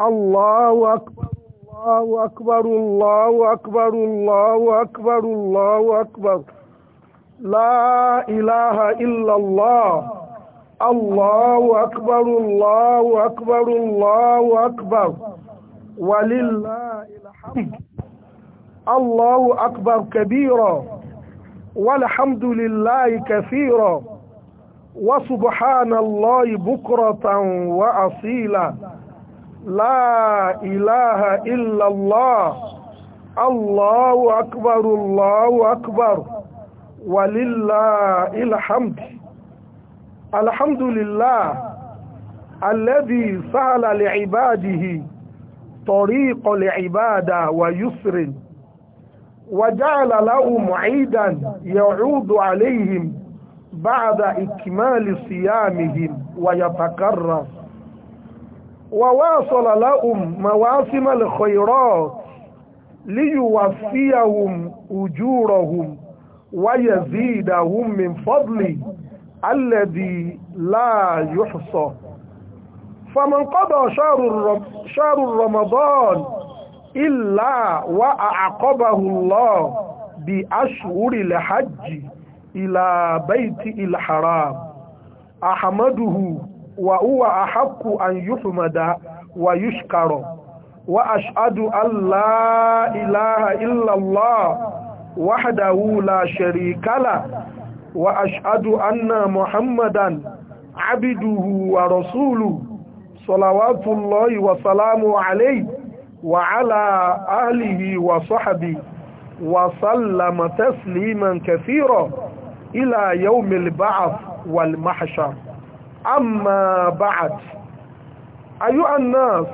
الله أكبر الله أكبر الله أكبر الله أكبر الله أكبر لا إله إلا الله الله أكبر الله أكبر الله أكبر ولله الله أكبر كبيرا والحمد لله كثيرا وسبحان الله بكرة وأصيلا لا إله إلا الله الله أكبر الله أكبر ولله الحمد الحمد لله الذي سهل لعباده طريق العبادة ويسر وجعل لهم عيدا يعود عليهم بعد إكمال صيامهم ويتكرر وواصل لهم مواسم الخيرات ليوفيهم أجورهم ويزيدهم من فضله الذي لا يحصى فمن قضى شهر الرم... شهر رمضان إلا وأعقبه الله بأشهر الحج إلى بيت الحرام أحمده وهو أحق أن يحمد ويشكر وأشهد أن لا إله إلا الله وحده لا شريك له وأشهد أن محمدا عبده ورسوله صلوات الله وسلامه عليه وعلى أهله وصحبه وسلم تسليما كثيرا إلى يوم البعث والمحشر أما بعد أيها الناس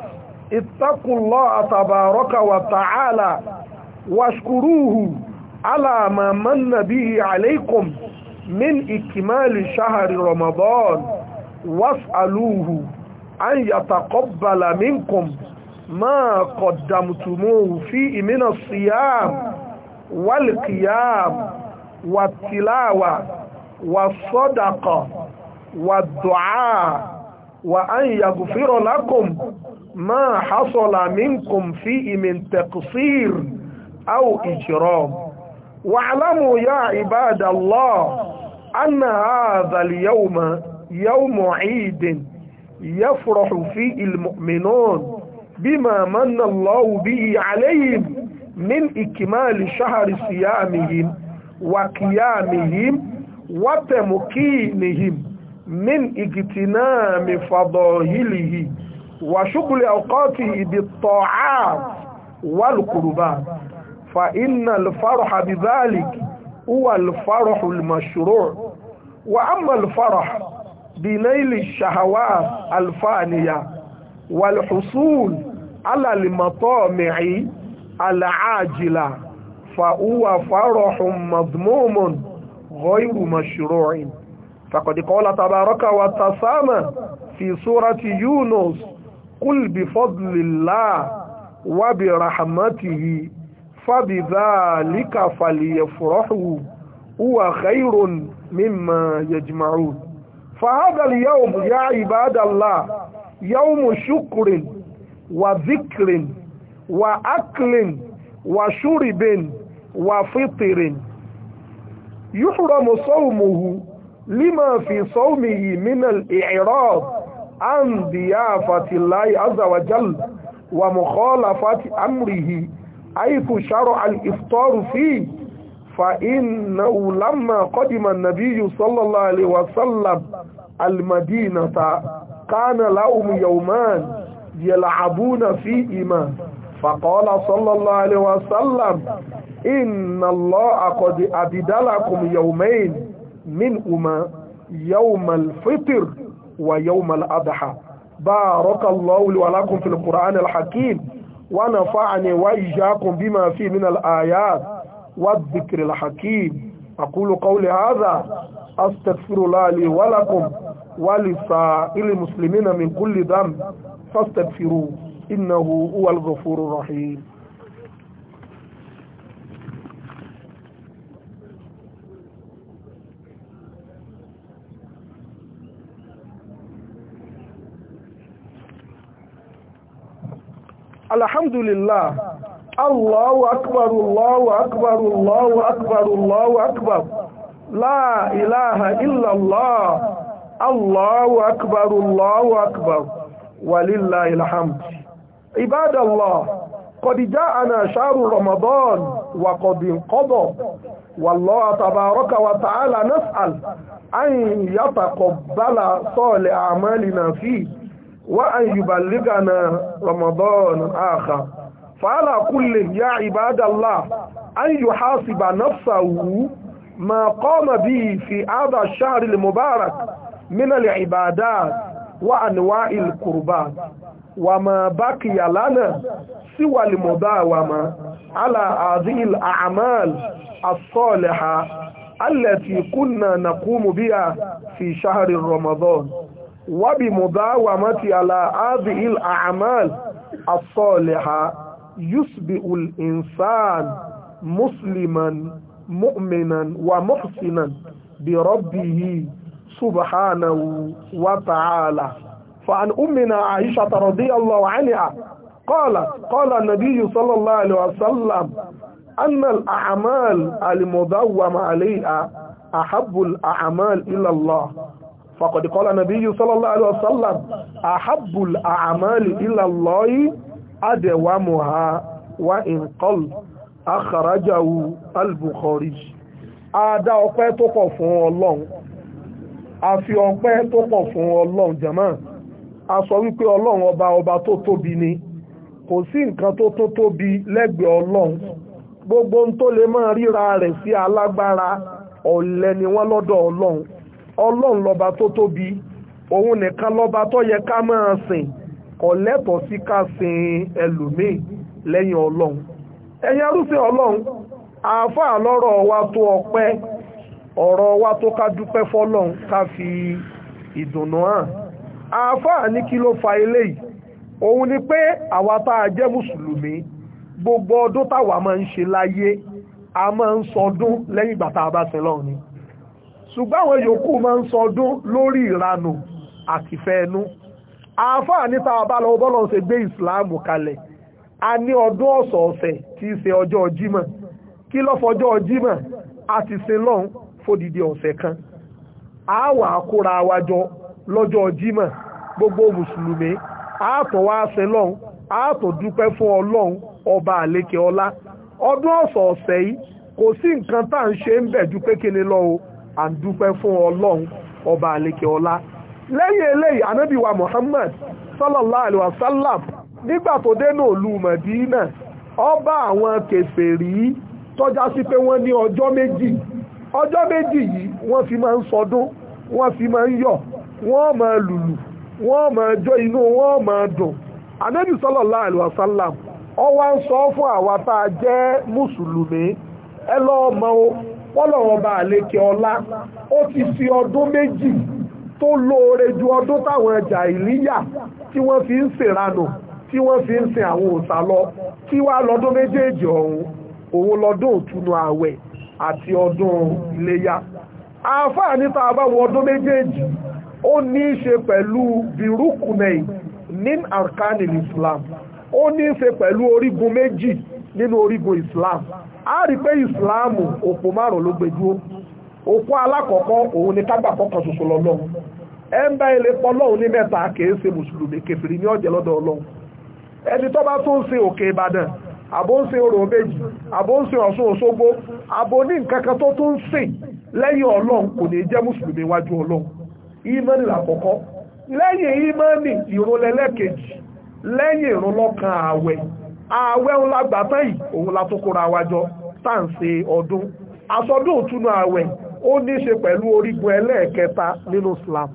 اتقوا الله تبارك وتعالى واشكروه على ما من به عليكم من إكمال شهر رمضان واسألوه أن يتقبل منكم ما قدمتموه فيه من الصيام والقيام والتلاوة والصدقة والدعاء وأن يغفر لكم ما حصل منكم فيه من تقصير أو إجرام واعلموا يا عباد الله أن هذا اليوم يوم عيد يفرح فيه المؤمنون بما من الله به عليهم من إكمال شهر صيامهم وقيامهم وتمكينهم min ìkìtì náà mi fàdọ̀ hìlìhì wà ṣúgbùlẹ̀ ọkọ̀tì ìdí tọ́á wàlùkùrùbá fa iná alfaro habibalik uwa alfaro hulmashuro wa amma alfaro binaili shahawa alfaniya walhusul alalimatọ́mìí al'ajila fa uwa faro hun mazmumun غير مشروع فقد قال تبارك وتسامى في سورة يونس قل بفضل الله وبرحمته فبذلك فليفرحوا هو خير مما يجمعون فهذا اليوم يا عباد الله يوم شكر وذكر وأكل وشرب وفطر يحرم صومه lima fi sawmihi min al-i'rab an diyafati llahi azza wa jalla wa mukhalafati amrihi haythu shar'a al-iftar fi fa innahu lamma qadima an-nabiyyu sallallahu alayhi wa sallam al-madinata kana lahum yawman yal'abuna fihima فقال صلى الله عليه وسلم إن الله قد أبدلكم يومين منهما يوم الفطر ويوم الأضحى بارك الله لي ولكم في القرآن الحكيم ونفعني وإياكم بما فيه من الآيات والذكر الحكيم أقول قولي هذا أستغفر الله لي ولكم ولسائر المسلمين من كل ذنب فاستغفروه إنه هو الغفور الرحيم alhamdulillah allahu akbar allahu akbar allahu akbar allahu akbar la ilaha illallah allahu akbar allahu akbar walillahi alhamd ibadallah قد جاءنا شهر رمضان وقد qad inqada والله تبارك وتعالى نسأل أن يتقبل صالح أعمالنا فيه وأن يبلغنا رمضان آخر فعلى كل يا عباد الله أن يحاسب نفسه ما قام به في هذا الشهر المبارك من العبادات وأنواع القربات وما بقي لنا سوى المداومة على هذه الأعمال الصالحة التي كنا نقوم بها في شهر رمضان wábí mọ̀dáwà mọ́tí aláàbí il àmàl asọ́ọ̀lẹ̀ha yusbi ul insan musliman mu'minan wa muhsinan bi rabbihi subhanahu wa ta'ala فعن أمنا عائشة رضي الله عنها قالت قال النبي صلى الله عليه وسلم أن الأعمال المدوم عليها أحب الأعمال إلى الله فقد قال النبي صلى الله عليه وسلم أحب الأعمال إلى الله أدومها وإن قل أخرجه البخاري Adá ọpẹ́ tó pọ̀ fún Ọlọ́run. A fi ọpẹ́ tó pọ̀ fún Ọlọ́run jàmáà. A sọ wípé Ọlọ́run ọba ọba tó tóbi ni. Kò sí nǹkan tó tó tóbi lẹ́gbẹ̀ẹ́ Ọlọ́run. Gbogbo ohun tó lè máa ríra rẹ̀ sí alágbára ọ̀lẹ ni wọ́n lọ́dọ̀ Ọlọ́run ọlọ́run lọ́ba tó tóbi òun nìkan lọ́ba tó yẹ ká máa sìn kò lẹ́tọ̀ọ́ sí ká sìn ẹlòmíì lẹ́yìn ọlọ́run ẹ̀yin arúfẹ́ ọlọ́run àáfàá lọ́rọ̀ wa tó ọpẹ́ ọ̀rọ̀ wa tó ká dúpẹ́ fọ́lọ́run ká fi ìdùnnú hàn àáfàá ní kí ló fa eléyìí òun ni pé àwa tá a jẹ́ mùsùlùmí gbogbo ọdún táwa máa ń ṣe láyé a máa ń sọdún lẹ́yìn ìgbà tá a bá sin lọ́run ni. ṣùgbọ́n àwọn yòókù máa ń sọdún lórí ìranù àti fẹ́ẹ̀nú àáfàá níta àbálọ bọ́lọ̀ ṣe gbé ìsìláàmù kalẹ̀ a ní ọdún ọ̀sọ̀ọ̀sẹ̀ tí í ṣe ọjọ́ kí a ti ṣe lọ́hùn kan a wà kóra wa jọ lọ́jọ́ gbogbo mùsùlùmí a tó wá ṣe lọ́hùn a tó dúpẹ́ fún ọlọ́hun ọba àlékè ọlá ọdún ọ̀sọ̀ọ̀sẹ̀ yìí kò sí nǹkan tá à ń ṣe ń bẹ̀ ju à ń dúpẹ́ fún ọlọ́run ọba àlekè ọlá lẹ́yìn eléyìí anábì Mohammed Muhammad sallallahu alayhi wa sallam nígbà tó dé náà lu Mẹ̀dínà ọba àwọn kèfèrí tọ́já sí pé wọ́n ní ọjọ́ méjì ọjọ́ méjì yìí wọ́n fi máa ń sọdún wọ́n fi máa ń yọ̀ wọ́n máa lùlù wọ́n máa jó inú wọ́n máa dùn anábì sallallahu alayhi wa sallam ó ń sọ fún àwa tá a jẹ́ mùsùlùmí ẹ lọ́ọ́ mọ́ o pọ́lọ̀wọ́ bá àlékè ọlá ó ti fi ọdún méjì tó lóore ju ọdún táwọn ẹja ìlíyà tí wọ́n fi ń ṣèranù tí wọ́n fi ń sin àwọn òòṣà lọ kí wá lọ́dún méjèèjì ọ̀hún òun lọ́dún òtúnu ààwẹ̀ àti ọdún iléyá àáfàá níta àbáwọ ọdún méjèèjì ó ní í ṣe pẹ̀lú birukunei nin arkanil Islam ó ní í ṣe pẹ̀lú orígun méjì nínú orígun Islam a rí pé ìsìláàmù òpó márùn ló gbẹdúró òpó alákọ̀ọ́kọ́ òun ni kágbà kọ́kọ́ ṣoṣo ẹ ilé pọ́ ní mẹ́ta kìí ṣe mùsùlùmí kẹfìrí ní ọ̀jẹ̀ lọ́dọ̀ ọlọ́hun ẹni tó bá tún ṣe òkè ìbàdàn àbó ń ṣe méjì àbó ń ṣe ọ̀ṣun òṣogbo àbó ní nǹkan kan tó tún lẹ́yìn ọlọ́hun kò ní jẹ́ mùsùlùmí wájú ọlọ́hun ààwẹ̀ ńlá gbàtán yìí òun la tó kóra wa jọ tá ọdún àsọdún òtúnú ààwẹ̀ ó ní pẹ̀lú orígun ẹlẹ́ẹ̀kẹta nínú Islam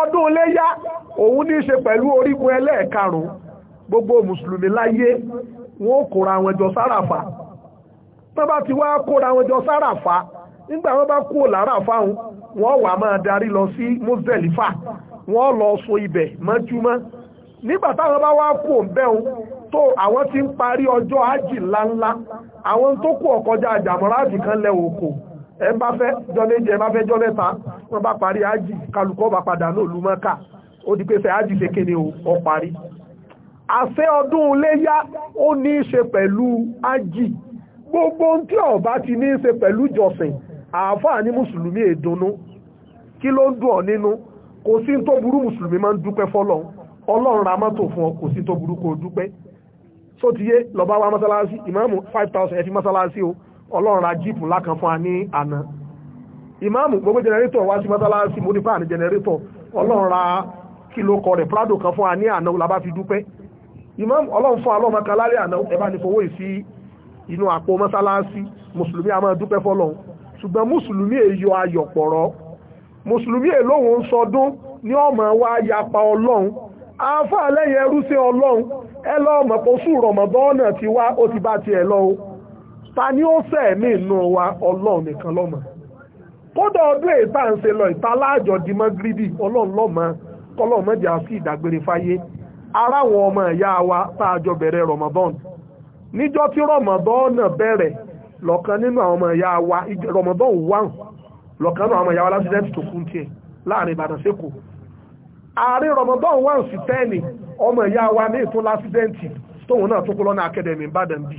ọdún léyá òun ní pẹ̀lú orígun ẹlẹ́ẹ̀karùn-ún gbogbo mùsùlùmí láyé wọn ó kóra wọn jọ sáràfà bá ti wá kóra wọn jọ sáràfà nígbà táwọn bá wá kú òǹbẹ́un tó àwọn ti ń parí ọjọ́ ájì ńláńlá àwọn tó kú ọ̀kọjá àjàmọ́ráàdì kan lẹ òkò ẹ bá fẹ́ jọ méjì ẹ bá fẹ́ jọ mẹ́ta wọ́n bá parí ájì kálukọ́ bá padà náà lú mọ́ká ó di pé fẹ́ ájì ṣe kéde ó parí àṣẹ ọdún léyá ó ní í ṣe pẹ̀lú ájì gbogbo tí ọba ti ní í ṣe pẹ̀lú jọsìn àáfàá ní mùsùlùmí èdùnnú kí ló ń dùn ọ nínú kò sí tó burú mùsùlùmí máa ń dúpẹ́ fọ́lọ́run ọlọ́run ra mọ́tò fún ọ kò sí tó burúkú dúpẹ́ tó ti yé lọ́ba wa mọ́sálásí ìmáàmù five thousand ẹ fi mọ́sálásí o ọlọ́run ra jíìpù lákan fún wa ní àná ìmáàmù gbogbo jẹnẹrétọ̀ wá sí mọ́sálásí mo ní fáàní jẹnẹrétọ̀ ọlọ́run ra kìló kọ rẹ̀ prado kan fún wa ní àná làbá fi dúpẹ́ ìmáàmù ọlọ́run fún alọ́mọ kan lálẹ́ àná ẹ bá ní fowó ìsí inú àpò mọ́sálásí mùsùlùmí a máa dúpẹ́ fọlọ́run ṣùgbọ́n mùsùlùmí ọmọ wa yapa ọlọ́run afọ lẹ́yìn ẹrú sí ọlọ́run ẹ lọ́ọ́ ti wá ó ti bá ti o ta ni ó sẹ̀ mí inú wa ọlọ́run nìkan lọ́mọ kódà ọdún èyíta ń lọ ìtaláàjọ dimọ́ gírídì ọlọ́run lọ́mọ kọ́lọ́ mẹ́jà sí àwọn ọmọ wa bẹ̀rẹ̀ tí ọmọ wa wà nínú àwọn ọmọ wa tó kún tiẹ̀ ààrẹ Ramadan one sí tẹ́ẹ̀nì ọmọ ìyá wa ní ìtún lásídẹ́ǹtì tóun náà tó kó lọ́nà akademi Ìbàdàn bì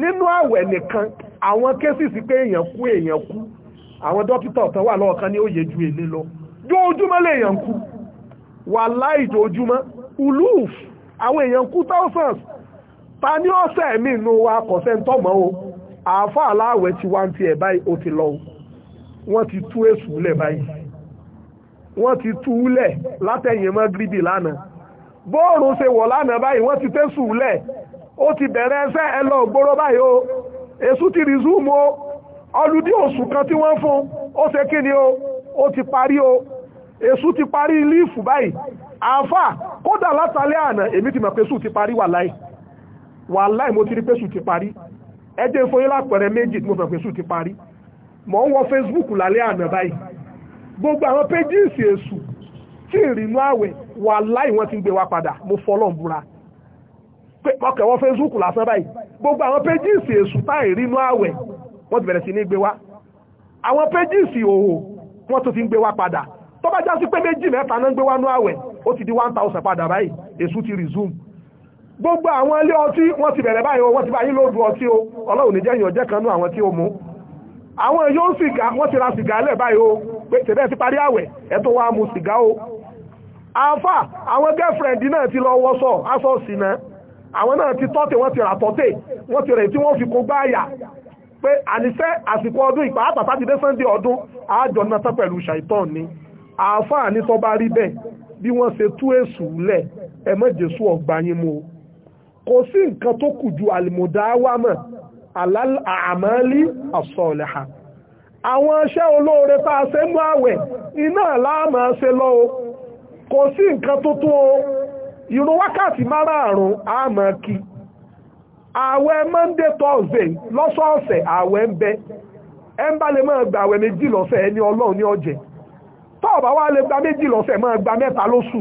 nínú àwẹ̀ nìkan àwọn kéṣìsì pé èèyàn kú èèyàn kú àwọn dókítà ọ̀tán wà lọ́ọ̀kan ní òye ju èlé lọ jóojúmọ́ lè èèyàn kú wà láì jóojúmọ́ uluf àwọn èèyàn kú thousands ta ní ọ̀sẹ̀ mi nù wa kọ̀sẹ̀ ń tọ́mọ́ o àáfà aláwẹ̀ ti wá ń tiẹ̀ báyìí ó ti lọ wọ́n ti tú èṣù lẹ̀ báyìí wọ́n ti túúlẹ̀ látẹ̀yìn mọ́ gírídì lánàá bóòrùn ṣe wọ̀ lánàá báyìí wọ́n ti tẹ́sù lẹ̀ ó ti bẹ̀rẹ̀ ẹsẹ́ ẹ lọ gbóró báyìí o èsù ti rí zoom o ọlùdí oṣù kan tí wọ́n fún ó ṣe kí ni o ó ti parí o èsù ti parí líìfù báyìí àfà kódà látàlẹ́ àná èmi ti mọ̀ pé sù ti parí wàláì wàláì mo ti rí pé sù ti parí ẹjẹ́ fún yín lápẹ̀rẹ̀ méjì tí mo fẹ́ pé sù ti parí mo ń wọ Facebook lálẹ́ àná báyìí gbogbo àwọn pages èṣù tí ìrìnú àwẹ̀ wà láì wọ́n ti ń gbé wa padà mo fọlọ́n búra ọkẹ̀ wọ́n Facebook lásán báyìí gbogbo àwọn pages èṣù tá ìrìnú àwẹ̀ wọ́n ti bẹ̀rẹ̀ sí ní gbé wa àwọn pages òhò wọ́n tó ti ń gbé wa padà tó bá jásí pé méjì mẹ́ta náà ń gbé wa nú àwẹ̀ ó ti di one thousand padà báyìí èṣù ti resume gbogbo àwọn ilé ọtí wọ́n ti bẹ̀rẹ̀ báyìí wọ́n ti bá yín lóòdù ọtí o ọlọ́run ní jẹ́yìn ọjẹ́ kan nú àwọn tí ó mú àwọn yóò sìgá wọ́n ti ra sìgá lẹ̀ báyìí o pé tẹ̀bẹ́ ti parí àwẹ̀ ẹ tó wá mu sìgá o àfà àwọn gẹ́fẹ̀rẹ̀ndì náà ti lọ wọ́sọ̀ aṣọ sínà àwọn náà ti tọ́tẹ̀ wọ́n ti rà tọ́tẹ̀ wọ́n ti rẹ̀ tí wọ́n fi kó gbá àyà pé àníṣẹ́ àsìkò ọdún ìpàápàá sátidé sunday ọdún àjọ náà tán pẹ̀lú ṣàìtàn ni àfà ní tó bá rí bẹ́ẹ̀ bí wọ́n ṣe tú èṣù lẹ̀ ẹ má jésù ọgbà yín àwọn iṣẹ́ olóore tá a mú àwẹ̀ iná láàmà lọ o kò sí nǹkan tuntun o ìrun wákàtí márààrún àmà kí àwẹ̀ monday thursday lọ́sọ̀ọ̀sẹ̀ àwẹ̀ ń bẹ ẹ ń bá lè máa gba àwẹ̀ méjì lọ́sẹ̀ ẹni ọlọ́run ní lè gba méjì lọ́sẹ̀ gba mẹ́ta lóṣù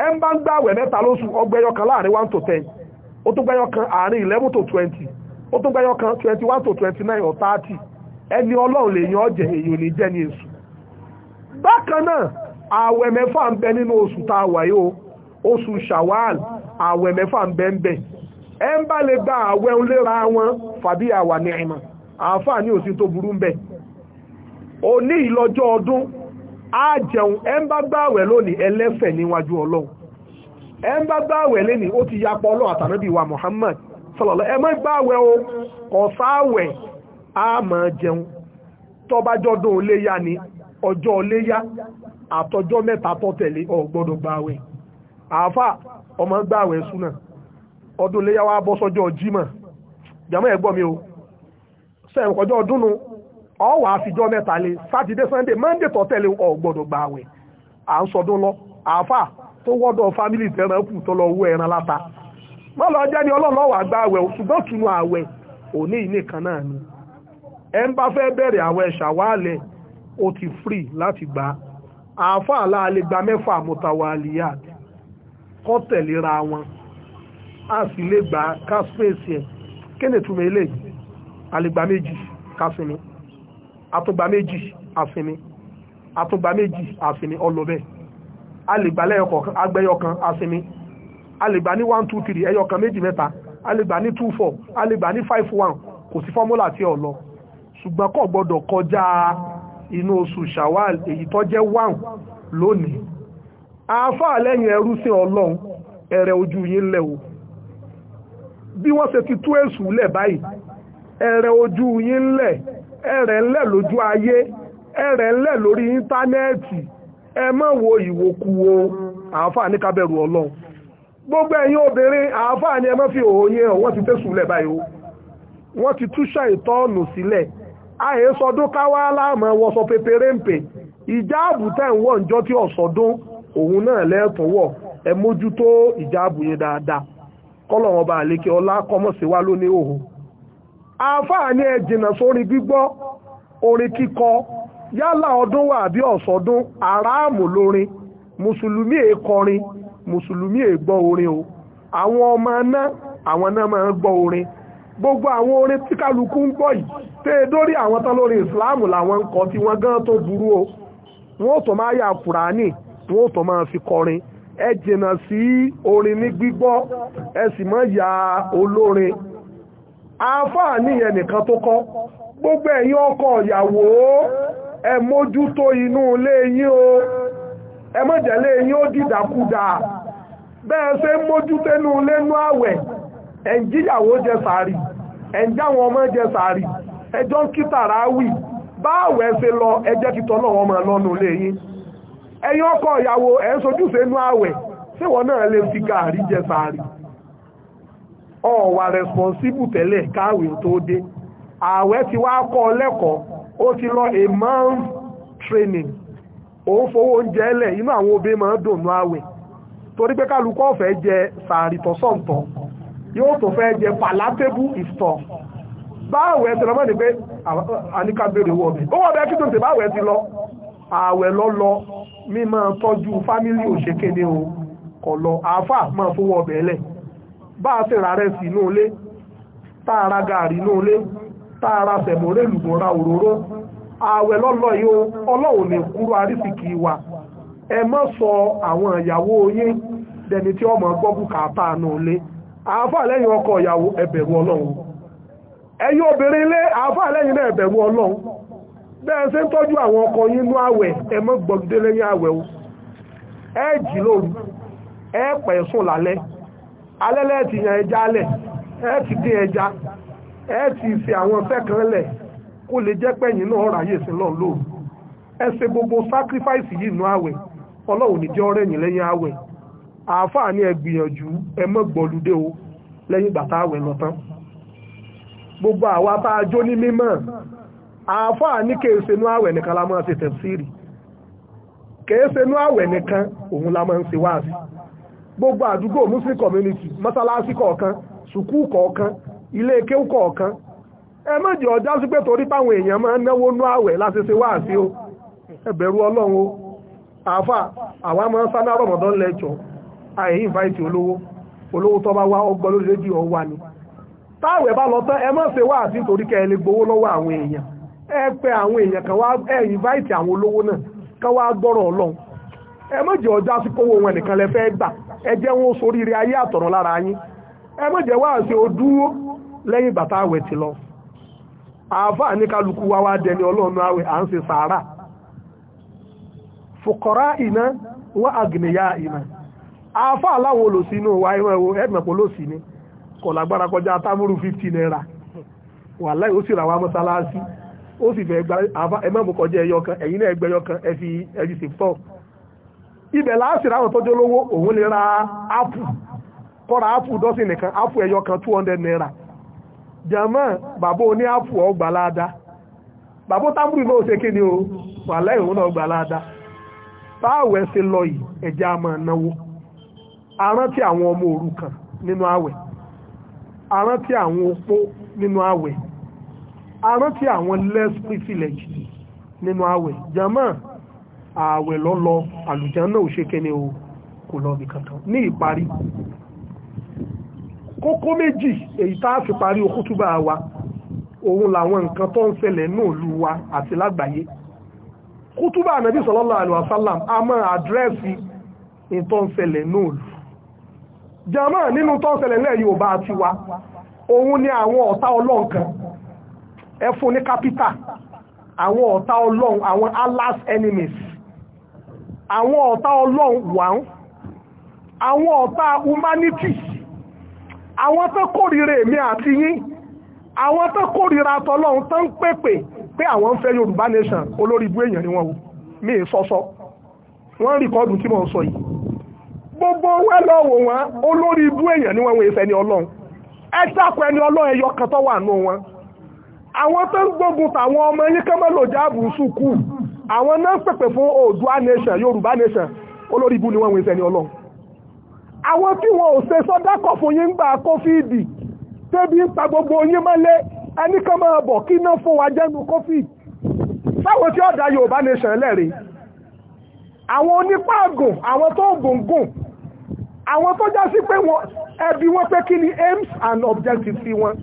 ẹ gba àwẹ̀ mẹ́ta lóṣù ọgbẹ́yọ kan láàrin one to ten ó tún gbẹ́yọ kan àárín eleven ẹni ọlọ́run lè yan ọ̀jẹ̀ èyàn ní jẹ́ ní èṣù bákan náà ààwẹ̀ mẹ́fà ń bẹ nínú o oṣù shawal ààwẹ̀ mẹ́fà ń bẹ ń bẹ ẹ ń bá lè gba ààwẹ̀ ń wọn fàbí àwà ní ìmọ̀ àáfàá ní òsì tó burú ń bẹ òní ìlọ́jọ́ ọdún á jẹun ẹ ń bá lónìí ti ọlọ́run wa Muhammad ẹ a máa jẹun tọ́ba jọ́dún léyà ni ọjọ́ léyà àtọjọ́ mẹ́ta tó tẹ̀lé ò gbọ́dọ̀ àáfà ọmọ gbààwẹ̀ súnà ọdún léyà bọ́ sọ́jọ́ jímọ̀ mi o sẹ́yìn kọjọ́ ọdún nu ọ àfijọ́ mẹ́ta lé sátidé sunday monday tẹ̀lé à ń sọdún lọ àáfà tó wọ́dọ̀ kù ẹ ń bá fẹ́ bẹ̀rẹ̀ àwẹ̀ ṣàwálẹ̀ ó ti free láti gbà àáfàá láàlẹ́ gba mẹ́fà mọ́tàwálíyà kọ́ tẹ̀léra wọn a sì lè gbà ká space ẹ̀ kéne túnmọ̀ eléyìí àlègbà méjì ká àtúgbà méjì àsinmi àtúgbà méjì àsinmi ọlọ́bẹ̀ àlègbà lẹ́yọkọ̀ọ̀kan agbẹ́yọkan àsinmi àlègbà ní one two three ẹyọkan méjì mẹ́ta àlègbà ní two four àlègbà ní five one kò sí fọ́múlà tí ò lọ ṣùgbọ́n kò gbọ́dọ̀ kọjá inú oṣù shawal èyí tó jẹ́ wàn lónìí àáfàá lẹ́yìn ẹrú sí ọlọ́run ẹ̀rẹ̀ ojú yín lẹ̀ o bí wọ́n ṣe ti tú èṣù lẹ̀ báyìí ẹ̀rẹ̀ ojú yín lẹ̀ ẹ̀rẹ̀ ńlẹ̀ lójú ayé ẹ̀rẹ̀ ńlẹ̀ lórí íńtánẹ́ẹ̀tì ẹ mọ̀ wo ìwòkuwo àáfàá ní kábẹ̀rù ọlọ́run gbogbo ẹ̀yin obìnrin àáfàá ni ẹ mọ́ fi òòyìn ọ̀ wọ́n ti tẹ̀sùn lẹ̀ báyìí o wọ́n ti tú ṣàìtọ́ọ̀nù sílẹ̀ àhesọdún káwá láàmú ẹwọsọ pépéré ń ìjáàbù tẹ̀ ń wọ̀ níjọ́ tí ọ̀sọ́dún òun náà lẹ́ẹ̀tún wọ̀ ẹ mójútó ìjáàbù yẹn dáadáa kọ́lọ̀ wọn bá àlékè ọlá kọ́mọ̀sí lónìí ni ẹ jìnnà sórí gbígbọ́ orin kíkọ yálà ọdún wà bí ọ̀sọ́dún lórin mùsùlùmí mùsùlùmí orin o àwọn ọmọ náà àwọn náà máa ń orin gbogbo àwọn orin tí kálukú ń gbọ́ yìí tẹ́ dórí àwọn tán lórí làwọn ń tí wọ́n gán tó burú o wọ́n tó máa yà kùránì wọ́n máa fi kọrin ẹ jìnnà sí orin ní gbígbọ́ ẹ sì mọ́ ya olórin àáfàá nìyẹn nìkan tó gbogbo ẹ̀yin ọkọ ìyàwó ẹ mójútó inú o ẹ ó dìdàkudà bẹ́ẹ̀ ṣe mójútó ẹ̀njíyàwó jẹ sàárì ẹ̀njáwọn ọmọ jẹ sàárì ẹjọ́ ń kí tàràwì báwẹ̀ ṣe lọ ẹjẹ́ kí tọ́lọ̀ wọn máa lọ́nu lé yín ẹ̀yin ọkọ ìyàwó ẹ̀ ń sojúṣe inú àwẹ̀ síwọ náà lè fi gàárì jẹ sàárì ọ̀wà rẹ̀sponsibù tẹ́lẹ̀ káwé tó dé ààwẹ̀ ti wá kọ́ lẹ́kọ̀ọ́ ó ti lọ a month training òun fowó oúnjẹ ẹlẹ̀ inú àwọn obìnrin máa ń dùn nú àwẹ̀ torí pé kálukọ́ ọ̀fẹ́ jẹ sàárì tọ́sọ̀ǹtọ̀ yóò tó fẹ́ jẹ palatable ìtọ̀ báwẹ̀ ti lọ́mọ́ ní pé àníkà béèrè wọ̀ mi ó wọ́n bẹ́ẹ̀ kí tó ń báwẹ̀ ti lọ ààwẹ̀ lọ lọ mímọ́ tọ́jú fámílì òṣèkéde o kọ̀ lọ àáfà máa fowó ọbẹ̀ lẹ̀ bá a sì ra rẹ̀ sí inú ilé tá a ra gààrí inú ilé tá a ra sẹ̀mọ́rẹ́ lùgbọ́n ra òróró ààwẹ̀ lọ́lọ́ yìí o ọlọ́run lè kúrò wa ẹ má sọ àwọn ìyàwó yín dẹni tí ọmọ gbọ́bùkà tá a nù ilé àáfà lẹ́yìn ọkọ ìyàwó ẹ bẹ̀rù ọlọ́run ẹ̀yin obìnrin ilé àáfà lẹ́yìn náà ẹ bẹ̀rù ọlọ́run bẹ́ẹ̀ ṣe ń tọ́jú àwọn ọkọ yín ní àwẹ̀ ẹ mọ́ gbọ́gidé lẹ́yìn àwẹ̀ o ẹ jì lóru ẹ pẹ̀ sùn lálẹ́ alẹ́ lẹ́ẹ̀ ti yan ẹja lẹ̀ ẹ ti dín ẹja ẹ ti ṣe àwọn fẹ́kan sacrifice yìí ní àwẹ̀ ọlọ́run ní jẹ́ ọ̀rẹ́yìn lẹ́yìn àáfàá ní ẹ gbìyànjú ẹ mọ́ gbọ́lúdé o lẹ́yìn ìgbà táwẹ̀ lọ tán gbogbo àwa tá a jó ní mímọ́ àáfàá ní kèésenú àwẹ̀ nìkan la máa ṣe tẹ̀síìrì kèésenú àwẹ̀ nìkan òun la máa ń ṣe wáàsí gbogbo àdúgbò muslim community mọ́sálásí kọ̀ọ̀kan sùkúù kọ̀ọ̀kan ilé kéwù kọ̀ọ̀kan ẹ méjì ọjà sí pé torí táwọn èèyàn máa ń náwó nú àwẹ̀ láti ṣe wáàsí o ẹ ọlọ́run o àáfàá àwa máa ń sáná rọ̀mọ̀dán lẹ́jọ́ àyè invite olówó olówó tó bá wá ọgbọ́n lórí rédíò ọwà ni táwẹ̀ bá lọ tán ẹ má ṣe wá àti nítorí kẹ́ ẹ lè lọ́wọ́ àwọn èèyàn àwọn àwọn olówó náà kan wá gbọ́rọ̀ ọlọ́run jẹ́ wọn nìkan lẹ fẹ́ gbà ẹ jẹ́ wọn sóríire ayé lára yín jẹ́ wá odúró lẹ́yìn bàtà àwẹ̀ ti lọ àáfàá ní kálukú wá wá àáfà aláwo lò sínú wa ẹ̀wọ̀n ẹ̀wọ̀ ẹ̀mẹ̀pọ̀ ló sí ni kò lágbára kọjá támúrù fifty naira wàláì ó sì rà wá mọ́sálásí ó sì fẹ́ gba àáfà ẹ mọ̀mú kọjá ẹyọ kan ẹ̀yin náà ẹgbẹ́ ẹyọ kan ẹ fi ẹyí sì tọ̀ ibẹ̀ láàsì ráwọn tọ́jú olówó òun naira jàmọ́ bàbá oní ápù ọgbà láadáa bàbá tábùrù náà ṣe kí ni o wàláì òun náà gbà láadáa táwọn ẹsẹ arántí àwọn ọmọ òrukàn nínú àwẹ̀ arántí àwọn opó nínú àwẹ̀ arántí àwọn less privileged nínú àwẹ̀ jama ààwẹ̀ lọ́lọ́ àlùjànnà ò ṣe kéne o kò lọ nìkan tán ní ìparí kókó méjì èyí tá a fi parí okútúbà wa òun làwọn nǹkan tó ń ṣẹlẹ̀ náà lù wa àti lágbàáyé kútúbà ànàbí sallallahu alaihi a máa àdírẹ́sì ìtọ́ náà lù jama nínú tó ṣẹlẹ̀ lẹ́ Yorùbá àti wa òun ni àwọn ọ̀tá ọlọ́run kan ẹ fún ní kápítà àwọn ọ̀tá ọlọ́run àwọn Allah's enemies àwọn ọ̀tá ọlọ́run wàún àwọn ọ̀tá humanity àwọn tó kórìíra èmi àti yín àwọn tó kórìíra tọlọ́run tó ń pèpè pé àwọn ń fẹ́ Yorùbá nation olórí ibú èèyàn ni wọ́n wò mí sọ́sọ́ wọ́n ń rìkọ́dù tí mò ń sọ yìí gbogbo wá wọn olórí ibú èèyàn ni wọ́n wọ́n ìfẹ́ ni ọlọ́run ẹ sákò ẹni ọlọ́run ẹyọ kan nù wọn àwọn tó ń gbógun tàwọn ọmọ yín àwọn náà ń pèpè fún nation ni wọ́n wọ́n ìfẹ́ ni ọlọ́run àwọn tí wọn ò ṣe sọ́dákọ̀ fún yín gbogbo yín mọ́lé ẹni àwọn onípàgùn àwọn tó gùngùn àwọn tó já sí pé ẹbí wọn pé kí ni aims and objectives sí wọn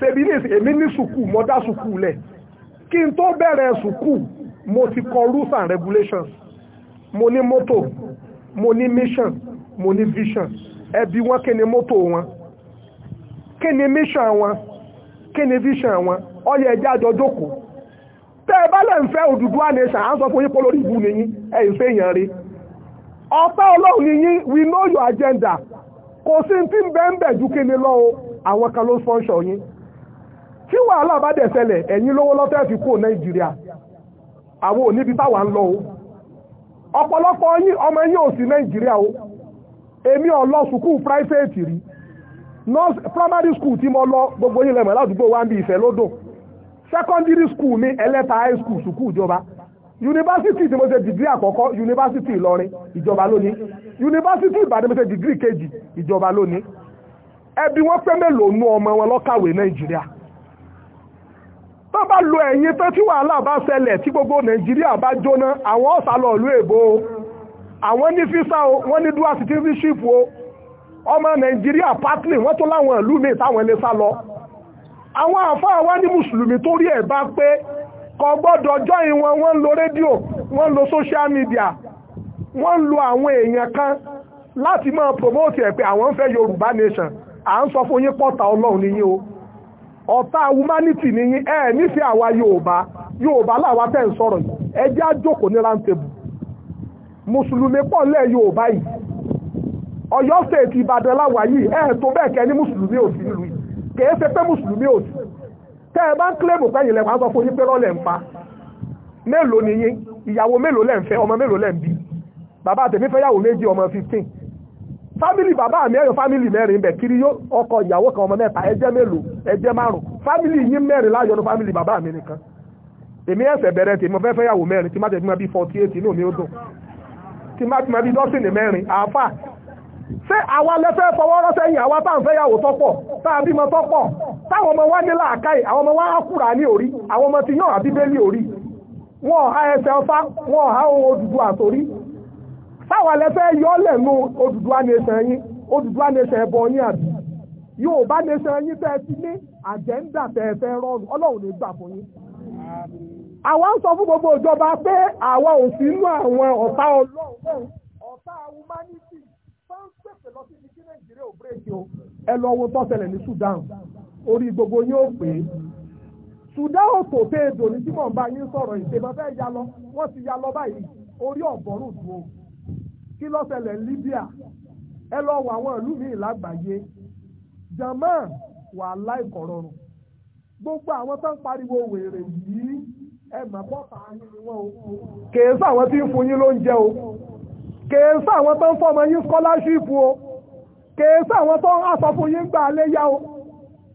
ṣèbí ní èmi ní sùkú mo dá sùkú lẹ̀ kí n tó bẹ̀rẹ̀ sùkú mo ti kọ rules and regulations mo ní mọ́tò mo ní mission mo ní vision ẹbí wọn kí ni mọ́tò wọn kí ni mission wọn kí ni vision wọn ó yẹ ẹjẹ́ àjọjókòó tẹ́ ẹ bá lẹ́ ń fẹ́ Odùduwà nation ń sọ fún yín lórí ìbú nìyí ẹ̀yìn fẹ́ èèyàn rí ọ̀tá ọlọ́run ni yín we know your agenda kò sí tí ń bẹ́ẹ̀ ń bẹ̀ ju kíni lọ o àwọn kan ló sponsor yín tí wàhálà bá dẹ̀ ṣẹlẹ̀ ẹ̀yin lówó lọ́tẹ́ fi kúrò nàìjíríà àwọn níbi táwa ń lọ o ọ̀pọ̀lọpọ̀ yín ọmọ yín ò sí nàìjíríà o èmi ò lọ private rí primary school tí mo lọ gbogbo yín lẹ́mọ̀ ládùúgbò wa ń bí ìfẹ́ lódò secondary school ní ẹlẹ́ta high school sùkúù ìjọba yunifásitì tí mo ṣe dìgírì àkọ́kọ́ yunifásitì ìlọrin ìjọba lónìí yunifásitì ìbàdàn mo ṣe dìgírì kejì ìjọba lónìí ẹbí wọn pé mélòó nú ọmọ wọn lọ́kàwé nàìjíríà tó bá lo ẹ̀yìn tó tí wàhálà bá ṣẹlẹ̀ tí gbogbo nàìjíríà bá jóná àwọn ọ̀sà lọ ìlú èbó àwọn ní físà o wọ́n ní dual citizenship o ọmọ nàìjíríà partly wọ́n tó láwọn ìlú míì táwọn ilé sá lọ àwọn àfáà wá ní mùsùlùmí tó rí ẹ̀ bá pé kọ gbọ́dọ̀ ọjọ́ wọn wọ́n ń lo rédíò wọ́n ń lo social media wọ́n ń lo àwọn èèyàn kan láti máa promote ẹ̀ pé àwọn ń fẹ́ Yorùbá nation à ń sọ fún yín pọ́ta ọlọ́run o ọ̀tá humanity n'iyi e nífẹ̀ẹ́ àwa Yorùbá Yorùbá làwa tẹ̀ ń sọ̀rọ̀ yìí ẹ jẹ́ á ní round mùsùlùmí pọ̀ lẹ́ Yorùbá yìí Ọ̀yọ́ state Ìbàdàn làwa yìí tó bẹ́ẹ̀ kẹ́ tẹ́ ẹ bá ń kílèmù pẹ́yìn lẹ́wọ̀n á sọ fún yín pé rọ́ọ̀lẹ̀ ń pa mélòó ni yín ìyàwó mélòó lẹ́ ń fẹ́ ọmọ mélòó lẹ́ ń bí bàbá àtẹ̀mí fẹ́ yàwó méjì ọmọ fifteen fámìlì bàbá mi ẹ̀yọ fámìlì mẹ́rin bẹ̀ kiri yó ọkọ ìyàwó kan ọmọ mẹ́ta ẹjẹ́ mélòó ẹjẹ́ márùn fámìlì yín mẹ́rin láyọnu fámìlì bàbá mi nìkan èmi ẹ̀sẹ̀ bẹ̀rẹ̀ tèmi fẹ́ fẹ́ yàwó mẹ́rin tí má tẹ̀ bí ma bí forty eight inú mi ó dùn tí má bí ma bí dọ́sìnì ṣé àwa lẹ́fẹ́ fọwọ́ rọ́ṣẹ́ yìn àwa tá tọ́pọ̀ tá a bímọ tọ́pọ̀ táwọn ọmọ wa ní làákàyè àwọn ọmọ wa á kúrà ní orí àwọn ọmọ ti yàn àbíbélì orí wọn ọ̀há ẹsẹ̀ ọfá wọn ọ̀há ohun òdùdú àtòrí táwa lẹ́fẹ́ yọ lẹ́nu òdùdú anẹsẹ̀ yín òdùdú anẹsẹ̀ ẹ̀bọ yín àbí yóò bá nẹsẹ̀ yín tẹ́ ti tètè lọ síbi kí nàìjíríà ò bírèkì o ẹ lọ wo tọ́sẹ̀lẹ̀ ní Sudan orí gbogbo yín ó pè é Sudan ò tó tẹ́ èdò ní tí mò ń bá yín sọ̀rọ̀ ìṣèlú fẹ́ ya lọ wọ́n ti ya lọ báyìí orí ọ̀bọ̀rún dùn o kí lọ́sẹ̀lẹ̀ Libya ẹ lọ wọ àwọn ìlú míì lágbàáyé German wà láìkọ̀rọ̀rùn gbogbo àwọn tó ń pariwo wèrè yìí ẹ mọ̀ pọ́pàá ni wọ́n o kèé sáwọn tí ń fún yín lóúnjẹ o kèésà àwọn tó ń fọmọ yín scholarship o kèésà àwọn tó ń aṣọ fún yín gbà léyà o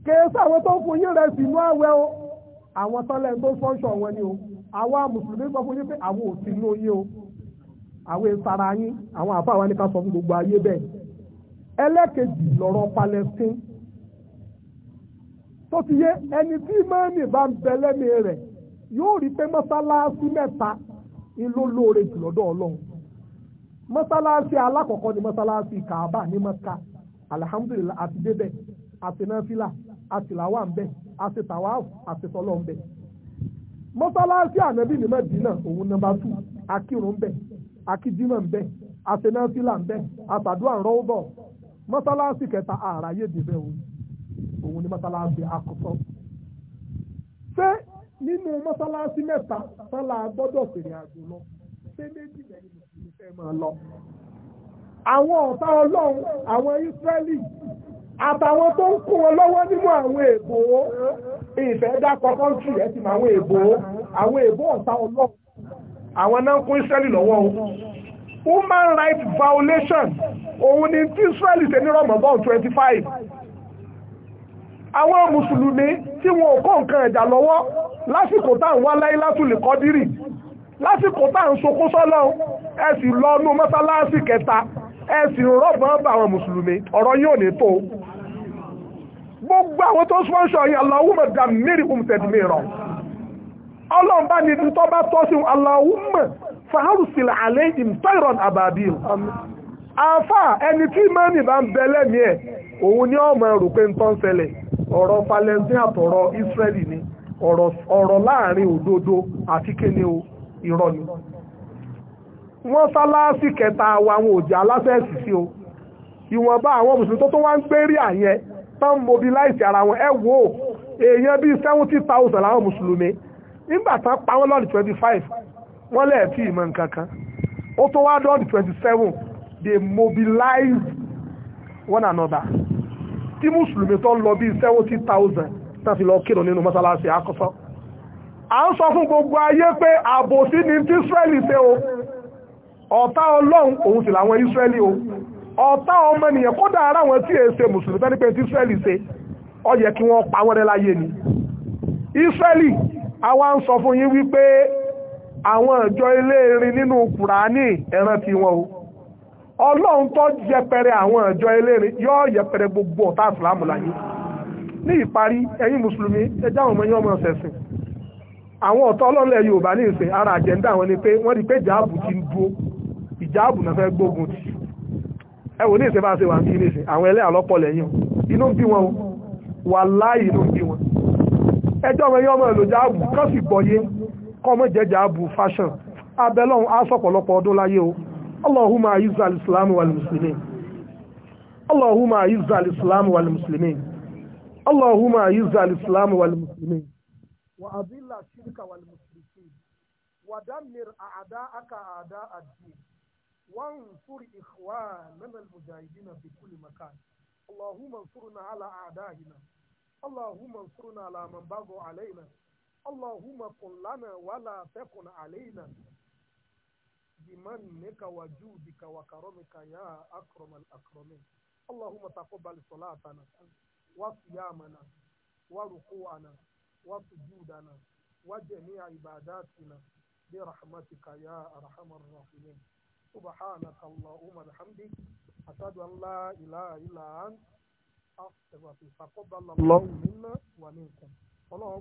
kèésà àwọn tó ń fún yín rẹ̀ sínú àwẹ̀ o àwọn tọ́lẹ̀ tó sponsor wọn ni o àwa mùsùlùmí sọ fún yín pé àwọn ò sí lóyún o àwọn ìsara yín àwọn àfa wa ní sọ fún gbogbo ayé bẹ́ẹ̀ ẹlẹ́kejì lọ́rọ̀ Palestine tó ti yé ẹni tí mọ́ọ̀nì bá ń bẹ lẹ́mìí rẹ̀ yóò rí pé mọ́sálásí mẹ́ta ń lólóore jùlọ́dọ̀ Ọlọ́run mọ́sálásí alákọ̀ọ́kọ́ ni mọ́sálásí kàábà ní mọ́ká alihamudulilayi àti débẹ̀ àti náfìlà àti làwà ń bẹ̀ àti tàwáàfù àti tọ́lọ́ ń bẹ̀. mọ́sálásí ànábì ní Mẹ́dínà òun nọmba tù akírun ń bẹ̀ akíjímọ̀ ń bẹ̀ àti náfìlà ń bẹ̀ àtàdúrà rọ́ọ̀bọ̀ mọ́sálásí kẹta àràyè dìbẹ̀ òun òun ni mọ́sálásí akọ́tọ́. ṣé nínú mọ́sálásí mẹ́ta sọ́la gbọ́dọ̀ fèrè àjò lọ ṣé méjì bẹ̀rẹ̀ ẹ máa lọ àwọn ọ̀tá ọlọ́run àwọn Ísírẹ́lì àtàwọn tó ń kún wọn lọ́wọ́ nínú àwọn èbò ìfẹ́ dákọ̀ kọ́ńtì ẹ̀ sì mọ àwọn èbò àwọn èbò ọ̀tá ọlọ́run àwọn náà ń kún Ísírẹ́lì lọ́wọ́ human rights violation òun ni tí Ísírẹ́lì ṣe ní rọmọbọ́n twenty five àwọn mùsùlùmí tí wọn ò kó nǹkan ẹ̀jà lọ́wọ́ lásìkò tá à ń wá láyé látùlẹ̀ kọ́dírì lásìkò tá à ń ẹ sì lọ́nu mọ́sálásì kẹta ẹ sì rọ́bọ̀n bá àwọn mùsùlùmí ọ̀rọ̀ yóò ní tó gbogbo àwọn tó sponsor yìí aláwùmọ̀ dà mírì kùn tẹ̀dí mìíràn ọlọ́run bá ní tó bá tọ́ sí aláwùmọ̀ fàárùsìlẹ̀ àlẹ́ ìmtọ́ìrọ̀n àbàbí àfà ẹni tí mẹ́ni bá ń bẹ lẹ́mí ẹ̀ òun ni ọmọ rò pé ń tán ṣẹlẹ̀ ọ̀rọ̀ Palestine àtọ̀rọ̀ Israeli ni ọ̀rọ̀ láàrin òdodo àti kéne o irọ́ ni wọ́n sáláàsì kẹta wa àwọn òjì aláṣẹ́ẹ̀sì sí o ìwọ̀nba àwọn mùsùlùmí tó tó wá ń gbérí àyẹn tán mobilize ara wọn ẹ wò ó èèyàn bíi seventy thousand láwọn mùsùlùmí nígbà tán pa wọ́n lọ́ọ̀dì twenty five wọ́n lẹ́ẹ̀tì ìmọ̀ nǹkan kan ó tó wá lọ́ọ̀dì twenty seven they mobilize one another tí mùsùlùmí tó ń lọ bíi seventy thousand náà ti lọ kírun nínú mọ́sálásí àkọ́sọ́ à ń sọ fún gbogbo ayé pé àbòsí ni tí Israẹli ṣe o ọ̀tá ọlọ́run òun sì làwọn Ísírẹ́lì o ọ̀tá ọmọnìyàn kódà ara wọn tí èsè mùsùlùmí tẹ́ni pé tí Ísírẹ́lì ṣe ó yẹ kí wọ́n pa wọ́n rẹ́ láyé ni Ísírẹ́lì àwa ń sọ fún yín wípé àwọn ìjọ eléèrin nínú Kùránì ẹ̀ràn ti wọn o ọlọ́run tó yẹpẹrẹ àwọn ìjọ eléèrin yóò yẹpẹrẹ gbogbo ọ̀tá ìsìlámù láyé ní ìparí ẹ̀yin mùsùlùmí ẹjá àwọn ọmọ yín ọmọ ọ̀sẹ̀sìn àwọn ọ̀tá ọlọ́run lẹ̀ Yorùbá ní ìsìn ara àjẹ́ńdà wọn ni pé wọ́n rí pé jáàbù ti ń dúró ìjáàbù na fẹ́ gbógun tì ẹ wò ní ìṣẹ́ bá ṣe wà ní ìrìnsìn àwọn ẹlẹ́ àlọ́pọ̀ lẹ́yìn inú bí wọn wà láàyè inú bí wọn ẹjọ́ ọmọ ẹyọ́ ọmọ èlò jáàbù kán sì gbọ́yé kọ́mọ jẹ́ jáàbù fashion abẹ́lọ́hun á ọdún láyé o Allahumma ayizza al-islam wal muslimin وانصر إخواننا المجاهدين في كل مكان اللهم انصرنا على أعدائنا اللهم انصرنا على من بغى علينا اللهم كن لنا ولا تكن علينا بمنك وجودك وكرمك يا أكرم الأكرمين اللهم تقبل صلاتنا وصيامنا وركوعنا وسجودنا وجميع عباداتنا برحمتك يا أرحم الراحمين subhanaka allahumma bihamdik ashhadu an la ilaha illa ant astaghfiruka wa atubu ilayk ọlọ́run